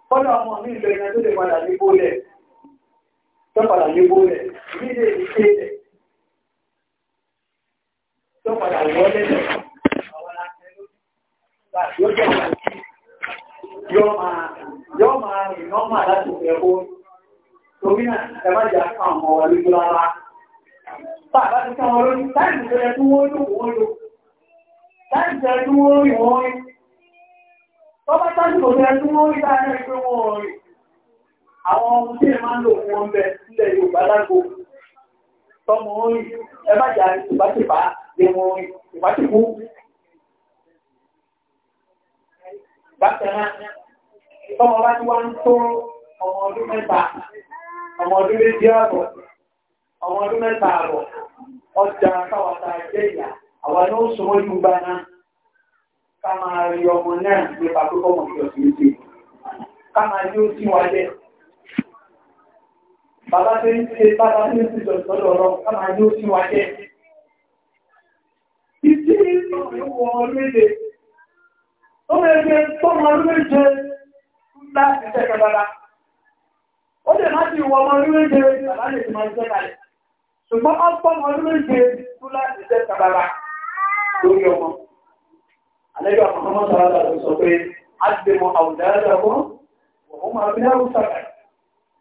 kọ́dọ̀ ọmọ mi ìbẹ̀rẹ̀ tó lè padà ní bólẹ̀ tọ́padà lébó rẹ̀ nílé ìṣe rẹ̀ tọ́padà wọlé rẹ̀ àwọn akẹ́lẹ́ yóò máa rìn nọ́mà láti ẹ̀kọ́ torí náà ẹ̀májà fún àwọn ọmọ ìlú lára bàbá ti kí wọn lórí táìmù tẹ́lẹ̀ tí wọ́n lò wọ́n lò táìmù tẹ́lẹ̀ tí wọ́n rìn wọ́n rìn tọ́bá táìmù tẹ́lẹ̀ tí wọ́n rìn dáadáa ìgbé wọ́n rìn àwọn ohun tí ẹ máa ń lò fún wọn bẹ nílẹ̀ Yorùbá lágbo tọmọ orin ẹ bá jà ìbátìbá ìwọn orin ìbátìkú bákan náà tọmọ bá ti wá ń tó ọmọ ọdún mẹ́ta ọmọ ọdún méjì ààbọ̀ ọmọ ọdún mẹ́ta ààbọ̀ ọjà káwàtà jẹ́ ìyá àwọn ní ó súnmọ́ ìlú gbá náà ká máa rí ọmọ náà nípa pípọ́ mọ̀ sí ọ̀sẹ̀ méjì ká máa ní ó sí wájẹ́ bàbá tó ń ṣe bàbá tó ń ṣe lọ́dọ̀ ní ó sí wa jẹ́. orílẹ̀-èdè tó mẹ́gbẹ́ tó orílẹ̀-èdè láti tẹ́kẹ̀ dára. Ó lè má ti orílẹ̀-èdè ṣùgbọ́n orílẹ̀-èdè láti lórí ọmọ.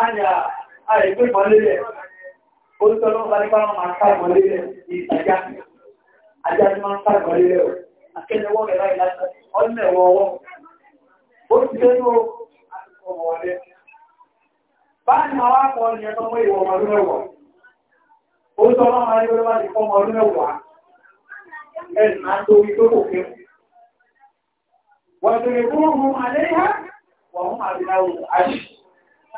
àyà àìgbé mọ́lélẹ̀ orúkọ lọ́wọ́ bá nípa máa ká ìmọ̀lélẹ̀ ní ìtajà ajá tí máa ń ká ìmọ̀lélẹ̀ o akẹ́lẹ́wọ́ rẹ̀ láì lásán ọ̀nà ẹ̀wọ̀ ọwọ́ ó ti lé ní ọmọ wọlé báyìí máa wá kọ́ tó orí tó kò fẹ́ wọ́n mú àbínáwó àṣì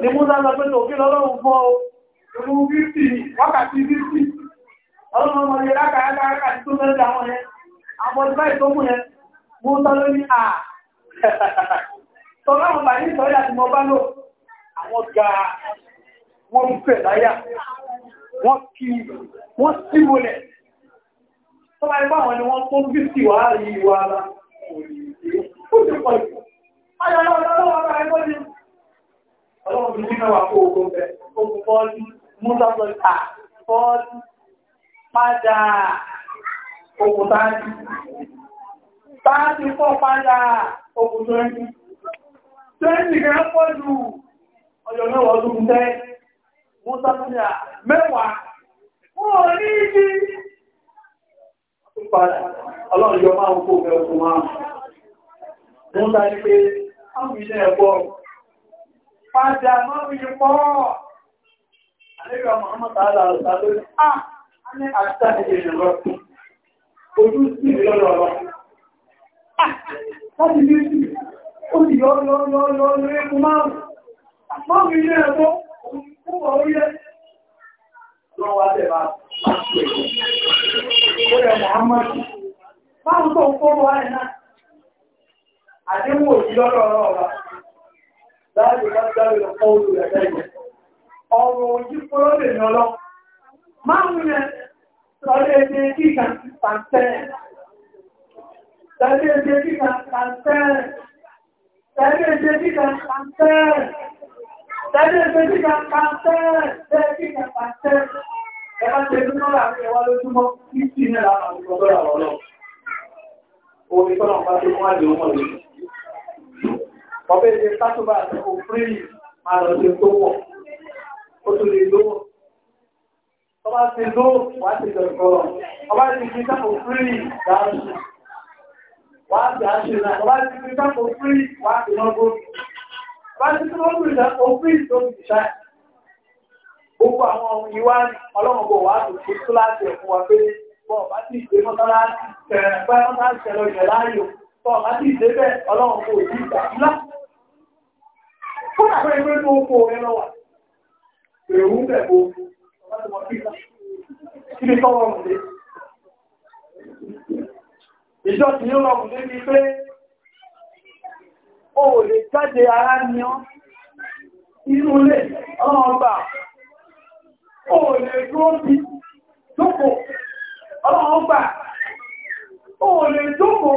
Ní Múlá lọ pé lòfin lọ́lọ́run tó mẹ́rin àwọn yẹn. Àwọn ọdún tó mú yẹn, mú tọ́ lórí à. Tọ́lọ́run bà ní ìtọ́rí àti mọ bá lò. Àwọn ga wọ́n fẹ̀ láyà. Wọ́n kí wọ́n sí wọlẹ̀. Tọ́lá ipá wọn ni wọ́n tó fífì wá rí wa lá. Ó ti pọ̀ jù. Ayọ̀ lọ́wọ́ lọ́wọ́ ọlọ́run ti ní mẹ́wàá kó ogun bẹ̀ ogun bọ́ọ̀lù múlọ́gbọ̀ta bọ́ọ̀lù padà ogun táàdì táàdì pọ̀ padà ogun tó ń tó ń nìkan pọ̀ jù ọjọ́ mẹ́wàá ọdún tẹ́ múlọ́gbọ̀ta mẹ́wàá ó ní ibi ọlọ́run yọ máa ń kó bẹ̀ ogun máa mú ta ní pé àwọn ilé ẹ̀kọ́ padà mọ́rin pọ́. Àlébí ọmọ tààlà ọ̀sà lórí, ah, a ní àṣà ìrìn lọ, ojú sí lọ́rọ̀ lọ. Ah, láti bí sí, ó ti yọ́ lọ́ márùn-ún. ọrụ tó ń náà. láti ẹgbẹ́ kíkà pàtẹ́. láti ẹwà lójúmọ́ títí náà àwọn ọ̀dọ́ àwọn ọlọ́. Omi tọ́nà bá tó wá lè ọbẹ̀ ìdè sátúbà àti òfúrìlì máa lọ sí tó wọ̀ ó tún lè lówó ọba ti ló wà á ti dọ̀gọ̀rọ̀ ọba ti fi sáfò fúrìlì dáhùn wà á ti àṣẹ náà ọba ti fi sáfò fúrìlì wà á ti lọ́gbọ́n ọba ti fi lọ́gbọ́n ìdáfò fúrìlì tó fi ṣáà gbogbo àwọn ohun ìwá ọlọ́run bò wá tó kíláàsì ẹ̀fún wa pé bọ́ọ̀ bá ti gbé mọ́tálá tẹ̀rẹ̀ pẹ́ mọ́tálá tẹ̀rẹ̀ lọ tọ́ láti ìdébẹ̀ ọlọ́run kò sí ìgbà ńlá. Fọ́nà pé pé tó kó orin lọ wà. Èrú ń bẹ̀bọ̀ kí ni tọ́wọ́ ọ̀hún dé. Ìjọ tí ó rọrùn dé ni pé o ò lè jáde ara ni ọ́ inú ilé ọlọ́run bà. O ò lè dúró bí jókòó ọlọ́run bà. O ò lè jókòó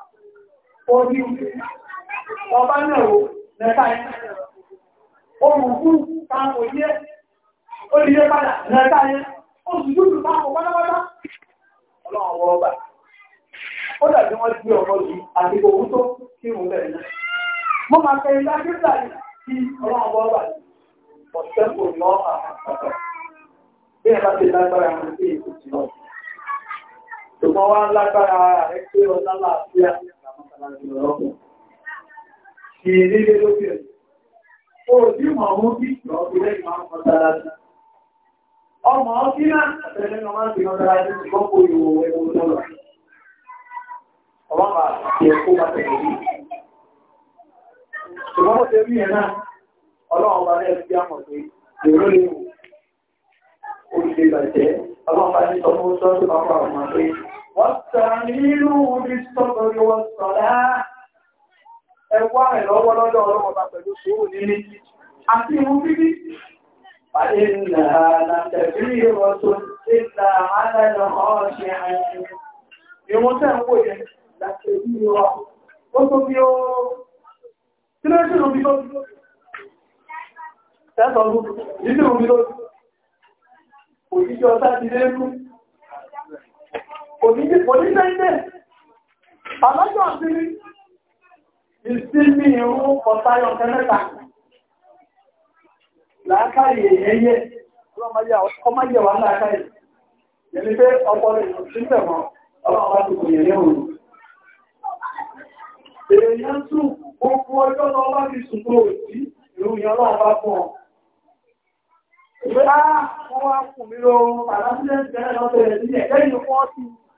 orí ọba náà mẹ́ta orùkú táwọn yẹ́ olùyẹ́ padà mẹ́ta yẹ́ oṣùgbùdù táwọn pátápátá ọlọ́wọ́ ọba ó dàbí wọ́n tí ọmọ yìí àti owó tó kí mú bẹ̀rẹ̀ náà máa fẹ́ ilá ọlọ́wọ́ ọba ọ̀sẹ̀ kò lọ́ Ṣe ilé lókè rẹ̀. Ó tí mọ̀ mú bí ìjọ́ ìlẹ́ ìmọ̀ mọ́sálásí. Ọmọ ọdí náà àtẹ́lẹ́ ọmọ láti mọ́sálásí ti gbọ́pọ̀ ìwò ẹgbẹ̀rún lọ́rọ̀. Ọmọ bàá ti ẹ̀kọ́ bá tẹ̀lé rí. Ṣùgbọ́n ó tẹ́ rí ẹ̀ náà, ọlọ́run bá lẹ́ẹ̀ sí àmọ̀ pé èrò Ó ti bàjẹ́, ọlọ́run bá ní sọ fún sọ́ọ́sì pápá ọmọ pé واستعينوا بالصبر والصلاة ẹwà ìlọ́wọ́ lọ́dọ̀ ọlọ́pàá pẹ̀lú sùúrù nílé àti ìhun bíbí فإنها لكبيرة إلا على الخاشعين ìwọ̀n tẹ́ ń wò yẹn لكبيرة ó tó bí ó tí ló ṣe òníjì oníṣẹ́ṣẹ́ ọlọ́jọ́ sí ìsinmi ìrún ọ̀tayọ̀ kẹmẹ́ta láàkàrí èyẹyẹ ọmọyẹwà láàkàrí yẹni pé ọpọlọ ìrìnṣẹ́ wọn ọlọ́pàá ti kò yẹ̀yẹ́ òun èèyàn tún gbogbo ọjọ́ lọ bá ti sùgbò òjí ìrún yẹn ọlọ́pàá fún ọ Ìgbé á, ah! wọ́n wá kùn mí lóòrùn, àlásílẹ̀ ìgbẹ̀rẹ̀ lọ́tẹ̀ẹ̀ sí ẹ̀kẹ́ ìlú fún ọ́ sí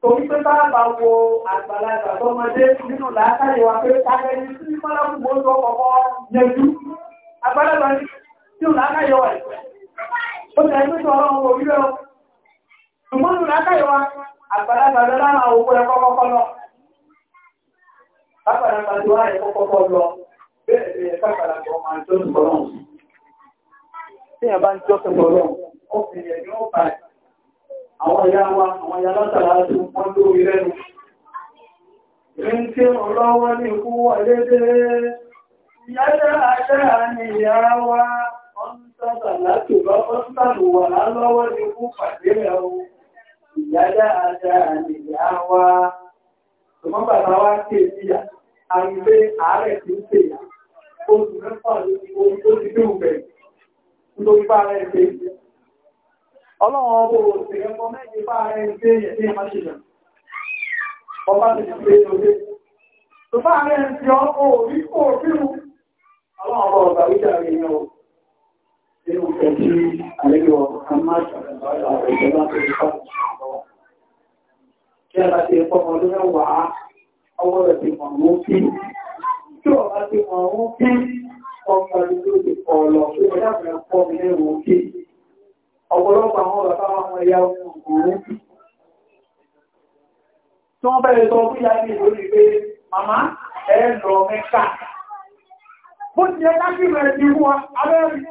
Torí pé bá bá wo àgbàlagbà tó mọdé nínú làákàyè wa pé kájẹ́ ní sí mọ́lákùnbó tó kọ̀kọ́ yẹjú. Àgbàlagbà ní tí ò làákàyè wa ìpẹ́. Ó tẹ̀ ẹgbẹ́ tó ọlọ́run orí rẹ̀ o. Ṣùgbọ́n nínú làákàyè wa, àgbàlagbà lọ lára òkú ẹ kọ́kọ́kọ́ lọ. Àgbàlagbà lọ lára ẹ kọ́kọ́kọ́ lọ. Bẹ́ẹ̀ ni ẹ̀ká àgbàlagbà ọmọ àjọ́sìn ọlọ́run. Tí ẹ bá ń jọ́sìn ọlọ́run, ó fi ẹ̀yọ́ báyìí àwọn ìyá wa àwọn ìyá látàrà tó wọ́n tó rí lẹ́nu ń tí ọlọ́wọ́ ní ikú wà lédé yájá ajá ní ìyá wa wọ́n tọ́ta láti bá fọ́sítàlù wà lálọ́wọ́ ní ikú pàdé ẹ̀wọ̀ ìyájá ajá ní ìyá wa tọmọ́ bàbá wa ké síyà àrùlé ọlọ́run ọbọ̀ òsì mẹ́jì bá rẹ̀ ń yẹ̀ tí ẹ ọba ti pé lóde tó bá rẹ̀ ń fi ọkọ̀ orí kò fíru ọlọ́run ọbọ̀ ọ̀gá wíjà rẹ̀ yẹn o nínú ẹ̀jí àlejò àmáṣà ìjọba tó ti fà kí ẹ̀ka ti ẹ̀kọ́ ọmọ ọdún mẹ́wàá ọwọ́ rẹ̀ ti mọ̀ mú kí tí ọba ti mọ̀ mú kí ọmọ ìlú ti pọ̀ lọ sí ọjà fẹ́ pọ̀ nínú kí ọ̀pọ̀lọpọ̀ tí wọ́n bẹ̀rẹ̀ sọ fún ìyá ní ìlórí pé màmá ẹ lọ mẹ́ta bó ti ẹ láti rẹ̀ ti wú abẹ́rin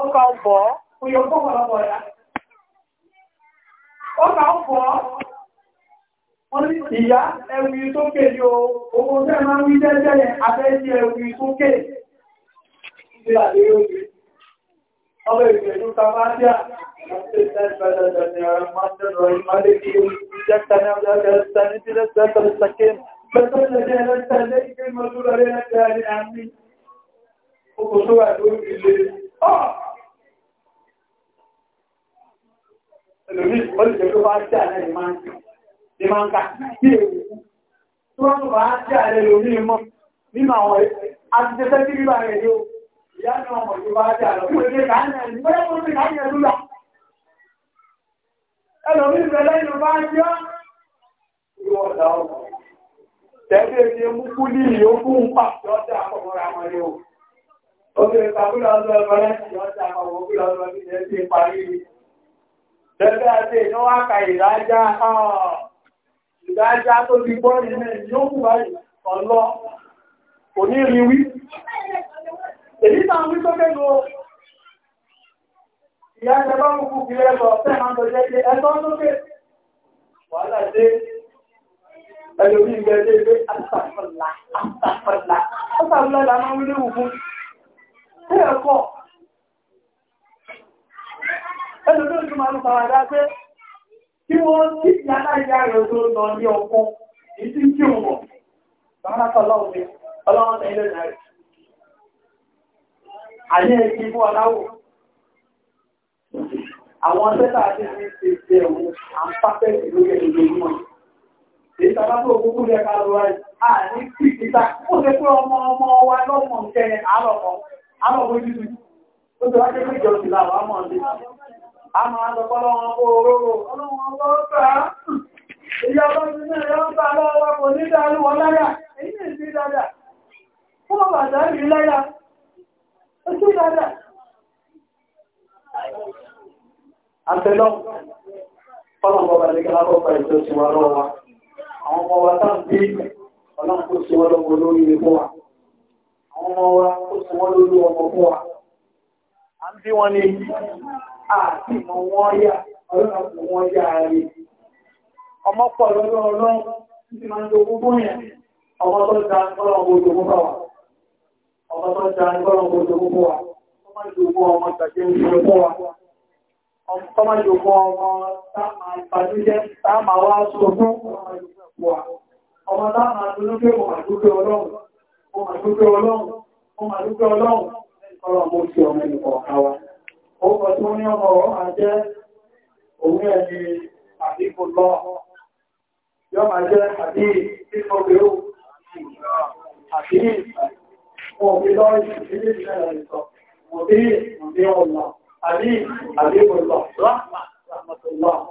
ọkà ọ̀pọ̀ oyè ọgbọ́pọ̀lọpọ̀ ẹ̀yà ọkà ọ̀pọ̀ wọ́n ní ìyá ẹwì tókè ní owó tẹ́ máa ń wí Ọlọ́ ìgbẹ̀lú Tamátíà, Ẹlòmí ìpọ̀lẹ̀ tó bá jẹ́ àrẹ ìmáǹkà sí èwò. Tí wọ́n tó bá jẹ́ àrẹ lòmí mọ́, mímọ̀ àwọn àti jẹ́ sẹ́kí rí bá rẹ̀ yóò ìyá ni ọmọ yìí wá jà lọ pé káàní ẹni bóyá kó sí káàní ẹni lọ. ẹlòmí ìfẹ́ lẹ́yìn bá ń jẹ́ ìwọ ọ̀dà ọmọ tẹ́lẹ̀ ti mú kú ní ìyókù ń pa lọ́jà àkọ́kọ́ra wọn ni o. Obìnrin kàbúlọ̀ ọdún ọmọ lẹ́sìn lọ́jà àkọ́kọ́ra ọdún ọdún ẹ̀ ti parí. Tẹ́lẹ̀ àti ìnáwó àkà ìdájá ìdájá tó ti gbọ́ nínú ìyókù báyìí ọlọ́ òní rí wí èyí náà wí sókè lọ ìyá ẹ̀jẹ̀ bá kúkú fi ẹ̀kọ́ ọ̀fẹ́ máa ń tọ́jẹ́ pé ẹ̀tọ́ lókè wàhálà dé ẹlòmí ìgbẹ́ dé pé àtàfàlà àtàfàlà àtàfàlà là máa ń wí léwu fún ṣé ẹ̀kọ́ ẹlòmí ìlú máa ń faradà pé kí wọ́n tí ìyá náà ìyá rẹ̀ tó lọ ní ọkọ̀ ìdí tí ò wọ̀ sàmánà kọ́ ọlọ́run ọlọ́run tẹ̀lé àyẹ́ ẹgbẹ́ mú aláwọ̀. Àwọn tẹ́lá àti ní ṣe jẹ òun àǹfàfẹ́ lórí ẹgbẹ́ mọ́. Èyí tàbá tó kúkú jẹ ká lọ rẹ̀, a ní kí ìta ó ṣe pé ọmọ ọmọ wa lọ́mọ ń kẹrin àárọ̀kọ́, àárọ̀kọ́ jùlọ. Ó ti wá jẹ́ pé ìjọsìn làwọn àmọ́ ọ̀dẹ́. A máa lọ bọ́ lọ́wọ́ oróró, ọlọ́wọ́ ọlọ́ọ̀ta. Ìyá bá ti ní ẹ̀yọ́ ń bá lọ́wọ́ kò ní dáa lúwọ́ láyà, èyí ní ìsí dáadáa. Ó bàbà dáa rí láyà, ó sì dáadáa. àtẹlọ fọlọ́n bọ́ba ní kíláà bọ́ pẹ̀lú tó ti wá lọ́wọ́ wa àwọn ọmọ wa tá à ń bí ọlọ́run kó sí wọn lọ́wọ́ lórí ilé fún wa àwọn ọmọ wa kó sí wọn lórí ọmọ fún wa à ń bí wọn ní àti ìmọ̀ wọn yá ọlọ́run kò wọ́n yá rí ọmọ pọ̀ ti máa ń dogun bóyá ọmọ tó ń da ọlọ́run kò bá wa ọmọ tó jẹ́ agbọ́rọ̀ gbogbo gbogbo wa ọmọ ìjòkó ọmọ tàbí ìjòkó wa ọmọ ìjòkó ọmọ táàmà ìpàdújẹ́ táàmà wá sókún ọmọ táàmà dúnúkẹ́ ọmọ àdúgbẹ́ ọlọ́run ọmọ àdúgbẹ́ ọlọ́run ọmọ àdúgbẹ́ ọlọ́run ọlọ́run mo ti ọmọ ìkọ̀ọ̀ká wa ó kọ̀ tó ní ọmọ ọ̀rọ̀ àjẹ́ òun ẹni àdíkù lọ yọ́ máa jẹ́ àdí ìfọ́gbẹ̀rún àdí وبضاعة مضيء مضيء الله عليم عليم الله رحمة رحمة الله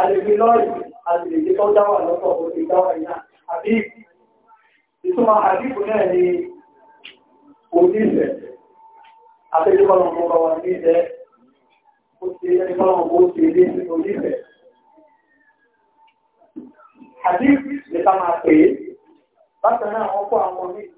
البلاد التي تدعى لطفه في دعوة حبيب ثم حبيب نالي وديسة أتجب الموضوع وديسة وديسة وديسة وديسة حبيب لتمعطيه بس أنا أقوى عمومي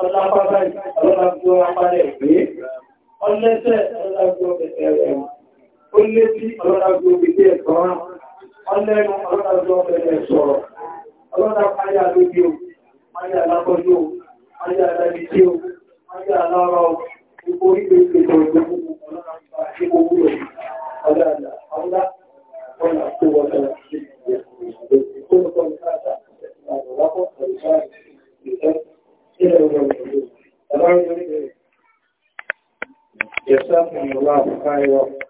ọlápàá ọlọ́lápàá ọlápàá ẹ̀gbé ọlẹ́sẹ̀ ọlọ́lápàá ọ̀pẹ̀sẹ̀ rẹ̀ ó lé sí ọlọ́lápàá ọ̀pẹ̀sẹ̀ ẹ̀kọ́ ọlẹ́nu ọlọ́lápàá ọ̀pẹ̀sẹ̀ sọ̀rọ̀ ọlọ́lápàá ayé alójú ayé alákọjú ayé alábíjú ayé alára gbogbo orílẹ̀-èdè ọ̀gbọ̀n ọlọ́lápàá ayé gbogbo rẹ̀ ọlọ́lápàá ọlọ́lápàá ọlọ́lápàá ọlọ́lápàá جزاكم الله خيرا